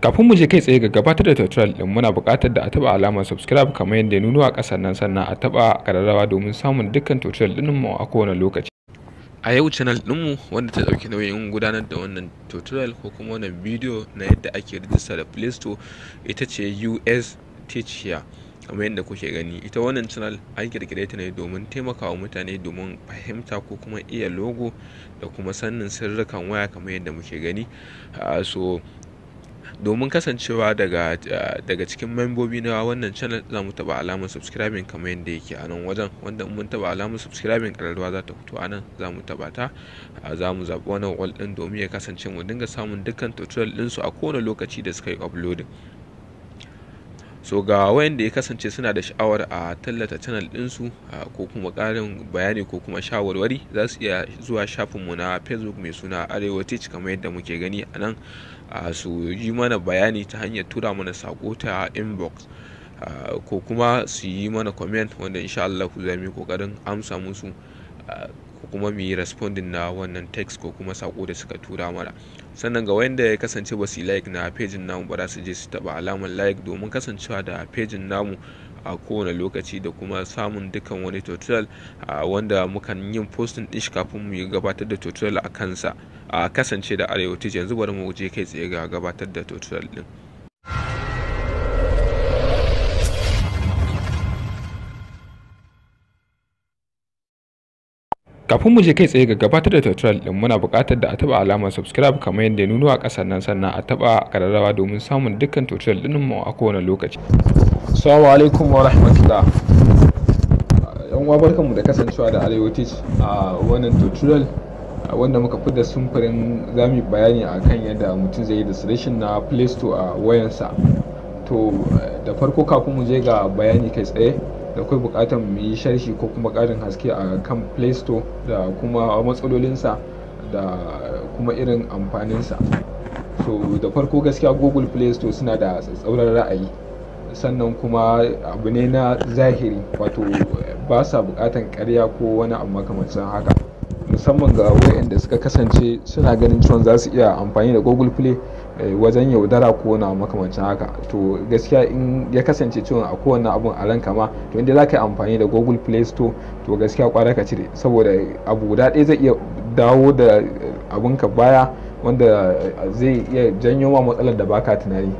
kafin mu je kai tsaye ga gabatar da tutorial din muna buƙatar da a taba alamar subscribe kamar yadda ya nuno a ƙasar nan sannan a taba ƙararrawa domin samun dukkan tutorial din mu a kowane lokaci a yau channel ɗinmu wanda ta dauki nauyin gudanar da wannan tutorial ko kuma wannan video na yadda ake rijista da play store ita ce us teach here kamar yadda kuke gani ita wannan channel an kirkire ta ne domin taimakawa mutane domin fahimta ko kuma iya logo da kuma sannin sirrikan waya kamar yadda muke gani ah, so domin kasancewa eh, daga cikin membobi na wannan channel za mu taba alamar subscribing kamar yadda yake a nan wajen wanda mun taba alamar subscribing kararwa za ta fito a nan za mu taba ta eh, za mu zaɓi wani wall ɗin domin ya kasance mu dinga samun dukkan tutorial ɗinsu a kowane lokaci da suka yi uploading so ga wayanda ya kasance suna da sha'awar a tallata channel ɗinsu eh, ko kuma ƙarin bayani ko kuma shawarwari za su iya zuwa shafinmu na facebook mai suna arewa teach kamar yadda muke gani a nan su yi mana bayani ta hanyar tura mana sako ta inbox ko kuma su yi mana comment wanda insha Allah za mu kokarin amsa musu ko kuma mu yi responding na wannan text ko kuma sako da suka tura mana sannan ga wanda ya kasance ba su like na na namu ba za su je su taba alamar like domin kasancewa da na namu a kowane lokaci da kuma samun dukkan wani tutorial wanda mukan yin posting din shi kafin mu gabatar da tutorial a kansa a kasance da arewacin yanzu bari mu je kai tsaye ga gabatar da tutorial din kafin mu je kai tsaye ga gabatar da tutorial din muna buƙatar da a taba alamar subscribe kamar yadda nuno a ƙasar nan sannan a taba kararrawa domin samun dukkan tutorial din mu a kowane lokaci assalamu alaikum wa rahmatullah yan uwa barkanmu da kasancewa da arewa a wannan tutorial wanda muka fi da sumfurin zami bayani a kan yadda mutum zai yi da selection na play a wayansa to da farko kafin mu je ga bayani kai tsaye da kai bukatar mu yi sharhi ko kuma karin haske a kan play da kuma matsalolinsa da kuma irin amfaninsa so da farko gaskiya google play suna da tsatsauran ra'ayi sannan kuma abu ne na zahiri wato ba sa bukatan karya ko wani abu makamancin haka musamman ga da suka kasance suna ganin cewa za su iya amfani da google play eh, wajen yaudara ko na makamancin haka to gaskiya in ya kasance cewa a kowane abun a ranka ma to inda za ka yi amfani da google play store to gaskiya kwara ka cire saboda abu guda ɗaya zai iya dawo da abunka baya wanda eh, zai iya janyo ma matsalar da baka tunani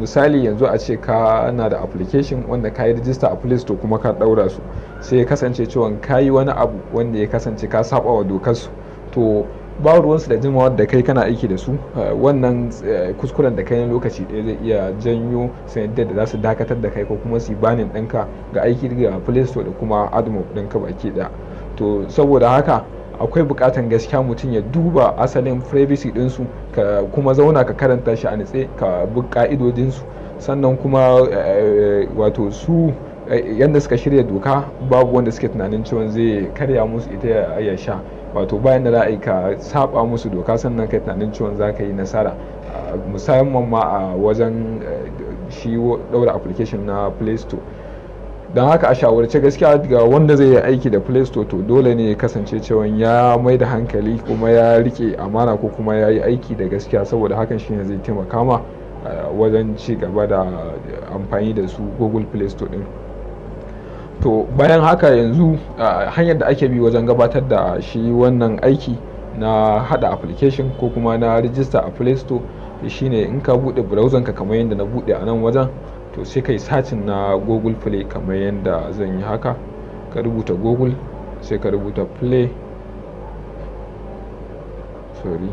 misali yanzu a ce ka na da application wanda ka yi rijista a police to kuma ka ɗaura su sai ya kasance cewa ka yi wani abu wanda ya kasance ka saba wa dokar su to ba ruwansu da jimawa da kai kana aiki da su eh, wannan eh, kuskuren da kai na lokaci ɗaya zai iya janyo sanadiyar da za su dakatar da kai ko kuma su banin ɗinka ga aiki ga police to da kuma admo ɗinka baki ɗaya to saboda haka akwai bukatan gaskiya mutum ya duba asalin privacy ɗinsu ka kuma zauna ka karanta shi a nitse ka bi ka'idodinsu sannan kuma eh, wato su eh, yadda suka shirya doka babu wanda suke tunanin cewa zai karya musu ita ya sha wato bayan da za a yi ka saba musu doka sannan kai tunanin ciwon za ka yi nasara ah, musamman ma a wajen eh, shi daura application na play store don haka a shawarce gaskiya ga wanda zai yi aiki da play store to dole ne ya kasance cewa ya mai da hankali kuma ya rike amana ko kuma ya yi aiki da gaskiya saboda hakan shine zai taimaka ma eh, wajen ci gaba da amfani da su google play store din to bayan haka yanzu eh, hanyar da ake bi wajen gabatar da shi wannan aiki na hada application ko kuma na register a play store shine in ka bude browser ka kamar yadda na bude a nan wajen to sai ka yi sacin na google play kamar yadda zan yi haka ka rubuta google sai ka rubuta play sorry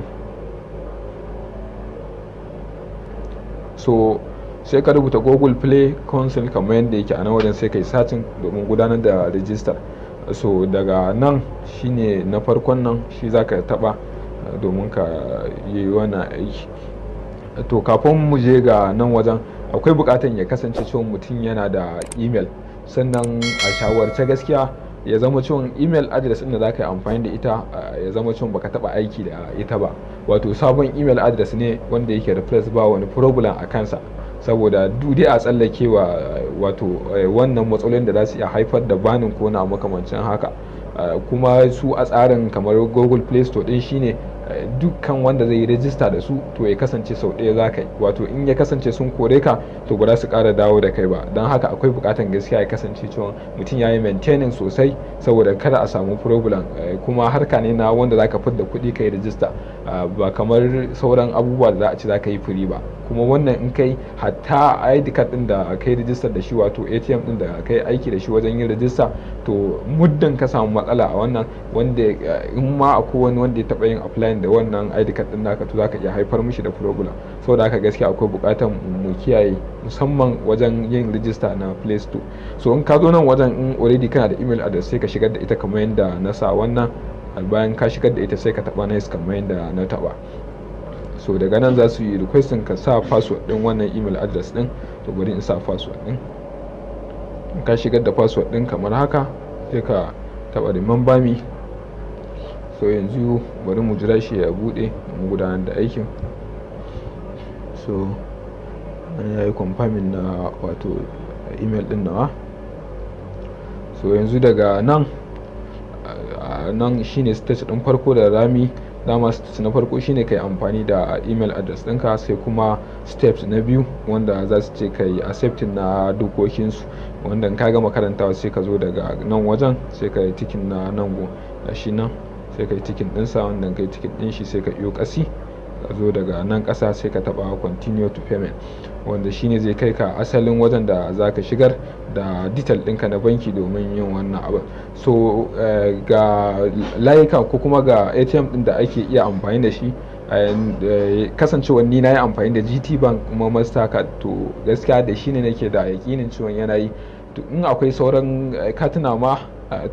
so sai ka rubuta google play console kamar yadda yake a nan wajen sai ka yi sacin domin gudanar da rijistar so daga nan shine na farkon nan shi za ka taba domin ka yi wani aiki to kafin mu je ga nan wajen akwai bukatan ya kasance cewa mutum yana da email sannan a shawarce gaskiya ya zama cewa email address ɗin da za ka yi amfani da ita ya zama cewa baka taba aiki da ita ba wato sabon email adres ne wanda yake replace ba wani problem a kansa saboda dai a tsallake wa wato eh, wannan matsalolin da za su iya haifar da banin ko na makamancin haka kuma su a tsarin kamar google play store din shine dukkan wanda zai yi rajista da su to ya kasance sau ɗaya za ka yi wato in ya kasance sun kore ka to ba za su ƙara dawo da kai ba don haka akwai bukatan gaskiya ya kasance cewa mutum ya yi maintaining sosai saboda kada a samu problem eh, kuma harka ne na wanda za ka fidda kuɗi ka yi rijista ah, ba kamar sauran abubuwa da za a ci za ka yi firi ba kuma wannan in kai hatta id card ɗin da kai rijista da shi wato atm ɗin da kai aiki da shi wajen yin rijista to muddin ka samu matsala a wannan wanda eh, in ma akwai wani wanda ya taɓa yin applying da wannan id card din naka to zaka iya haifar mishi da problem da haka gaskiya akwai bukatan mu kiyaye musamman wajen yin register na play store so in ka zo nan wajen in already kana da email address sai ka shigar da ita kamar yadda na sa wannan bayan ka shigar da ita sai ka taba nice kamar yadda na taba so daga nan za su yi requestin ka sa password din wannan email address din to bari in sa password din ka shigar da password din kamar haka sai ka taba remember me so yanzu bari mu jira shi ya bude mu gudanar da aikin so an yi kwamfamin na wato email din nawa so yanzu daga nan nan shine stage din farko da rami dama stage na farko shine kai amfani da email address ɗinka sai kuma steps na biyu wanda za su ce kai accepting na su wanda ka gama karantawa sai ka zo daga nan wajen sai ka yi tikin na nan go shi nan sai kai yi din ɗinsa wannan kai ticket din shi sai ka iyo kasi ka zo daga nan kasa sai ka taɓa continue to payment wanda shine zai kai ka asalin wajen da za ka shigar da detail ɗinka na banki domin yin wannan abin so eh, ga layuka ko kuma ga atm ɗin da ake iya amfani da shi Uh, na yi amfani da gt bank kuma mastercard to gaskiya da shi ne nake da yakinin ciwon yanayi in akwai sauran eh, katina ma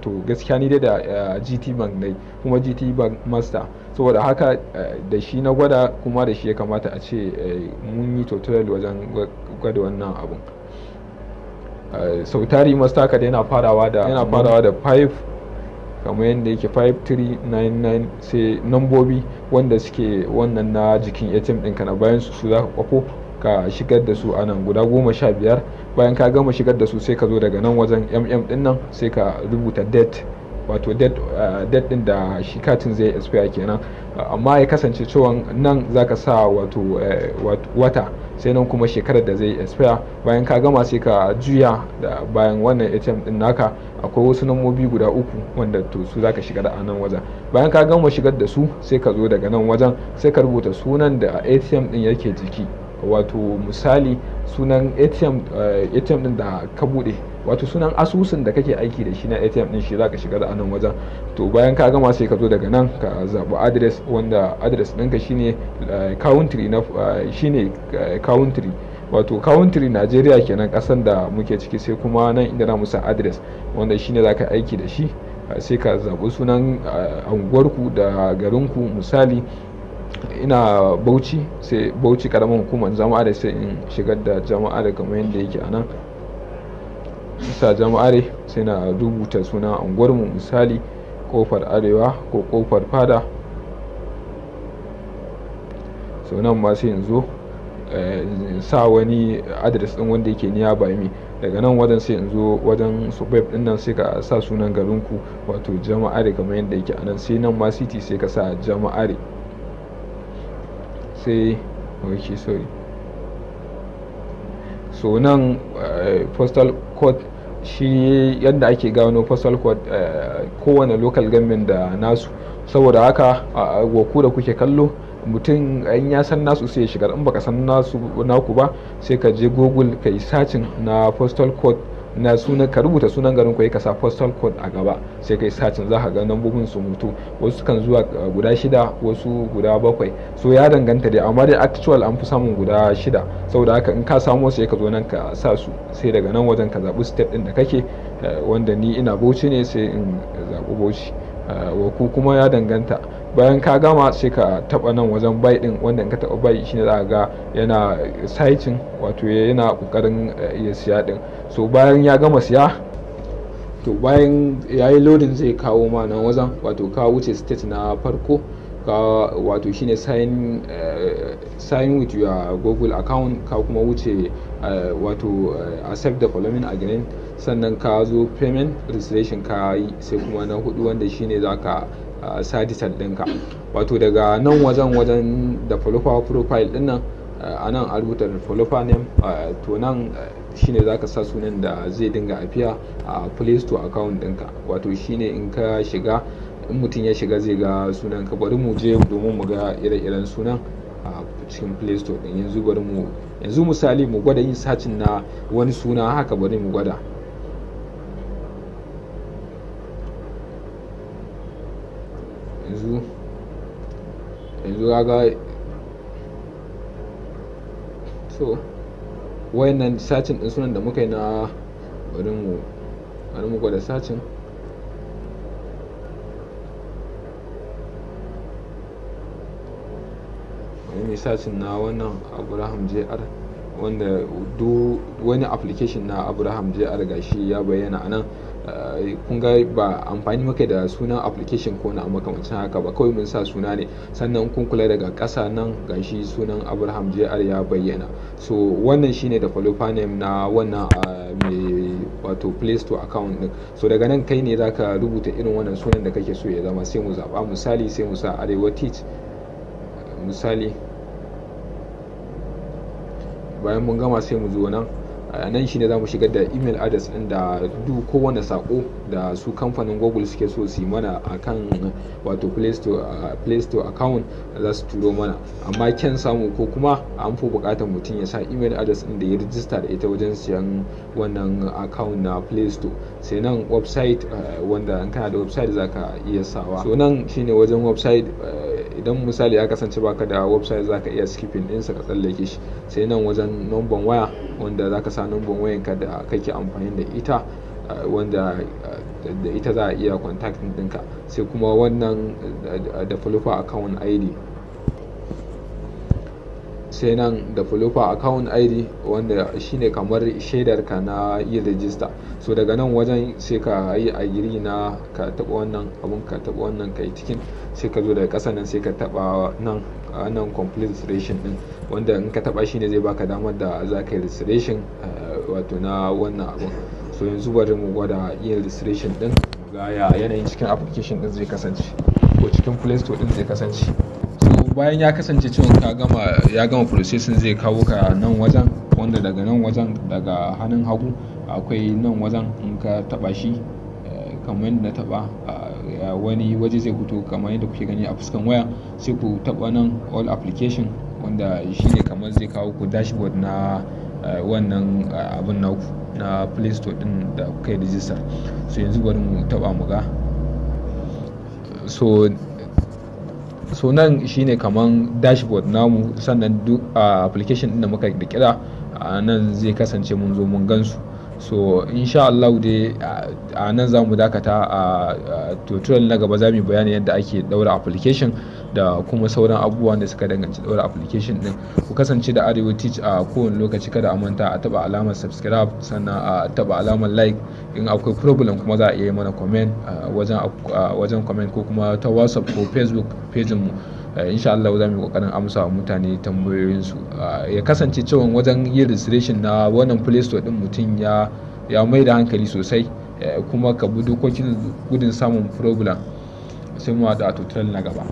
to gaskiya ni dai da gt bank ne kuma gt bank master saboda haka da shi na gwada kuma da shi ya kamata a ce mun yi tutorial wajen gwada wannan abun sau tari master ka farawa da yana farawa da 5 kamar yadda yake 5399 sai nambobi wanda suke wannan na jikin atm ɗinka na bayan su za ka kwafo ka shigar da su a nan guda goma sha biyar bayan ka gama shigar da su sai ka zo daga nan wajen mm din nan sai ka rubuta date wato eh, date din da shi katin zai expire kenan amma ya kasance cewa nan za ka sa wato eh, wata sai nan kuma shekarar da zai expire bayan ka gama sai ka juya da bayan wannan atm din naka akwai wasu namobi guda uku wanda to su za ka shigar a nan wajen bayan ka gama shigar da su sai ka zo daga nan wajen sai ka rubuta sunan da atm din yake jiki wato misali sunan atm din eh, da ka bude wato sunan asusun da kake aiki da shi na atm din shi zaka shiga da anan wajen to bayan ka gama sai ka zo daga nan ka zaɓi adres wanda adres ɗinka shine eh, country na eh, wato country Najeriya kenan kasan da muke ciki sai kuma nan inda na musa adres wanda shine zaka aiki da shi sai ka zaɓi sunan anguwarku da garinku misali ina bauchi sai bauchi karamin hukumar jama'a da sai in shigar da jama'a da kamar yadda yake a nan sa jama'a sai na rubuta suna unguwarmu misali kofar arewa ko kofar fada sau nan ma sai in zo eh, sa wani adres din wanda yake niya by me daga nan wajen sai in zo wajen suburb din nan sai ka sa sunan garinku wato jama'are kamar yadda yake a nan sai nan ma city sai ka sa jama'are sai ok sorry so nan eh, postal court shi yadda ake gano postal code eh, kowane lokal government da nasu saboda haka a da kuke kallo mutum in ya san nasu sai ya shigar in baka san nasu naku ba sai ka je google ka yi sacin na postal court na sunan ka rubuta sunan garin ku ka sa postal code a gaba sai kai sacin za ka ga nambobin su mutu wasu kan zuwa uh, guda shida wasu guda bakwai so ya danganta dai amma dai actual an fi samun guda shida saboda haka in ka samo sai ka zo nan ka sa su sai daga nan wajen ka zaɓi state ɗin da kake uh, wanda ni ina bauchi ne sai in uh, zaɓi bauchi wa ku kuma ya danganta bayan ka gama sai ka taba nan wajen bai din wanda in ka taba bai shine za ga yana saicin wato yana kokarin eh, ya siya din so bayan ya gama siya to bayan yayi loading zai kawo ma nan wajen wato ka wuce state na farko ka wato shine sign uh, sign with your google account ka kuma wuce uh, wato uh, accept the following again sannan ka zo payment registration ka yi sai kuma na hudu wanda shine zaka sadisat ɗinka wato daga nan wajen wajen da profile ɗin nan eh, a nan a rubuta folofa ne eh, to nan eh, shine za ka sa sunan da zai dinga afiya a play store account ɗinka wato shine in ka shiga in mutum ya shiga zai ga sunan ka bari mu je domin mu ga ire-iren sunan a cikin play store ɗin yanzu bari mu yanzu misali mu gwada yin sacin na wani suna haka bari mu gwada yanzu yanzu kaga so wayannan searching, din sunan da muka yi na bari mu bari mu gwada sacin bari mu searching, na wannan abraham jr wanda duk wani application na abraham jr gashi ya bayyana anan Eh, kun ga ba amfani maka da sunan application ko na makamancin haka ba kawai mun sa suna ne sannan kun kula daga ƙasa nan gashi sunan abraham jr ya bayyana so wannan shine follow name na wannan eh, mai wato play store account din so daga nan kai ne zaka rubuta irin wannan sunan da kake so ya zama sai mu zaba misali sai mu sa arewa teach misali bayan mun gama sai mu zo nan a nan ne za mu shigar da email address ɗin da duk kowane sako da su kamfanin google suke so su yi mana akan wato play store account za su turo mana amma kyan samu ko kuma an fi bukatar mutum ya sa email address ɗin da ya rijista da ita wajen siyan wannan account na play store sai nan website eh, wanda in kana da website za ka iya sawa so nan shine wajen website eh, idan misali ya kasance baka da website zaka iya skipping ɗinsa ka tsallake shi sai nan wajen numban waya wanda zaka sa numban wayanka da kake amfani da ita eh, wanda eh, da ita za a iya contacting ɗinka sai kuma wannan eh, developer account id sai nan da developer account id wanda shine kamar shaidarka na yin register so daga nan wajen sai ka yi agiri na ka taba wannan abun ka taba wannan kai cikin sai ka zo daga ƙasa nan sai ka taba nan nan complete registration din wanda in ka taba shine zai baka damar da za ka yi registration eh, wato na wannan abun so yanzu bari mu gwada yin registration din ga yanayin cikin application din zai kasance ko cikin play store din zai kasance bayan ya kasance cewa ka gama ya gama processing zai kawo ka nan wajen wanda daga nan wajen daga hannun hagu akwai nan wajen in ka taba shi eh, kamar yadda na taba eh, wani waje zai fito kamar yadda kuke gani a fuskan waya sai ku taba nan all application wanda shi ne kamar zai kawo ku dashboard na eh, wannan abin naku na play store din da kuka yi rijistar so yanzu bari mu taba mu ga so so nan shine kaman dashboard namu sannan duk application din da muka kira a nan zai kasance mun zo mun su so insha Allah dai a nan za mu dakata a tutorial na gaba za mu bayani yadda ake daura application da kuma sauran abubuwan da suka danganci daura application din ku kasance da arewa teach a kowane lokaci kada a manta a taba alamar subscribe sannan a taba alamar like in akwai problem kuma za a iya mana comment wajen comment ko kuma ta whatsapp ko facebook page mu insha Allah za mu kokarin amsa wa mutane su ya kasance cewa wajen yin registration na wannan play store din mutum ya ya mai da hankali sosai eh, kuma ka bi dokokin gudun samun problem sai mu haɗu a tutorial na gaba